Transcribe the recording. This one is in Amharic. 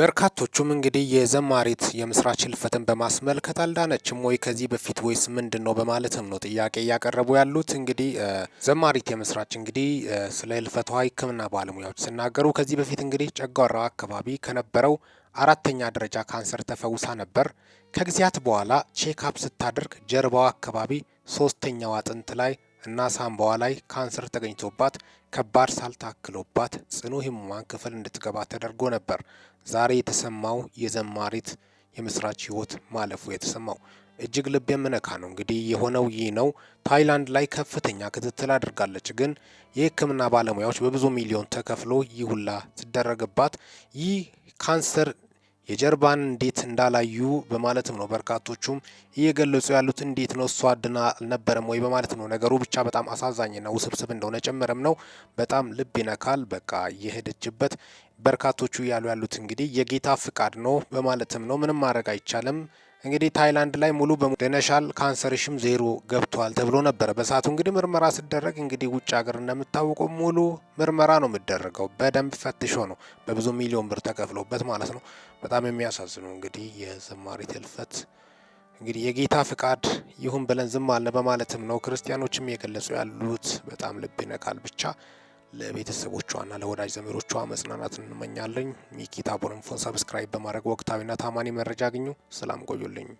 በርካቶቹም እንግዲህ የዘማሪት የምስራች ህልፈትን በማስመልከት አልዳነችም ወይ ከዚህ በፊት ወይስ ምንድን ነው በማለትም ነው ጥያቄ እያቀረቡ ያሉት። እንግዲህ ዘማሪት የምስራች እንግዲህ ስለ ህልፈቷ ሕክምና ባለሙያዎች ሲናገሩ ከዚህ በፊት እንግዲህ ጨጓራ አካባቢ ከነበረው አራተኛ ደረጃ ካንሰር ተፈውሳ ነበር። ከጊዜያት በኋላ ቼክአፕ ስታደርግ ጀርባው አካባቢ ሶስተኛው አጥንት ላይ እና ሳምባዋ ላይ ካንሰር ተገኝቶባት ከባድ ሳል ታክሎባት ጽኑ ህሙማን ክፍል እንድትገባ ተደርጎ ነበር። ዛሬ የተሰማው የዘማሪት የምስራች ህይወት ማለፉ የተሰማው እጅግ ልብ የምነካ ነው። እንግዲህ የሆነው ይህ ነው። ታይላንድ ላይ ከፍተኛ ክትትል አድርጋለች፣ ግን የህክምና ባለሙያዎች በብዙ ሚሊዮን ተከፍሎ ይህ ሁላ ሲደረግባት ይህ ካንሰር የጀርባን እንዴት እንዳላዩ በማለትም ነው በርካቶቹም እየገለጹ ያሉት። እንዴት ነው እሷ አድና አልነበረም ወይ በማለት ነው። ነገሩ ብቻ በጣም አሳዛኝና ውስብስብ እንደሆነ ጨምረም ነው። በጣም ልብ ይነካል። በቃ የሄደችበት በርካቶቹ እያሉ ያሉት እንግዲህ የጌታ ፍቃድ ነው በማለትም ነው። ምንም ማድረግ አይቻልም። እንግዲህ ታይላንድ ላይ ሙሉ በደነሻል ካንሰርሽም ዜሮ ገብቷል ተብሎ ነበረ። በሰዓቱ እንግዲህ ምርመራ ሲደረግ እንግዲህ ውጭ ሀገር እንደምታወቀው ሙሉ ምርመራ ነው የሚደረገው። በደንብ ፈትሾ ነው በብዙ ሚሊዮን ብር ተከፍሎበት ማለት ነው። በጣም የሚያሳዝኑ እንግዲህ የዘማሪት ህልፈት እንግዲህ የጌታ ፍቃድ ይሁን ብለን ዝም አለ በማለትም ነው ክርስቲያኖችም እየገለጹ ያሉት። በጣም ልብ ይነካል ብቻ ለቤተሰቦቿና ለወዳጅ ዘመዶቿ መጽናናት እንመኛለኝ። ሚኪ ታቦር ሰብስክራይብ በማድረግ ወቅታዊና ታማኒ መረጃ አግኙ። ሰላም ቆዩልኝ።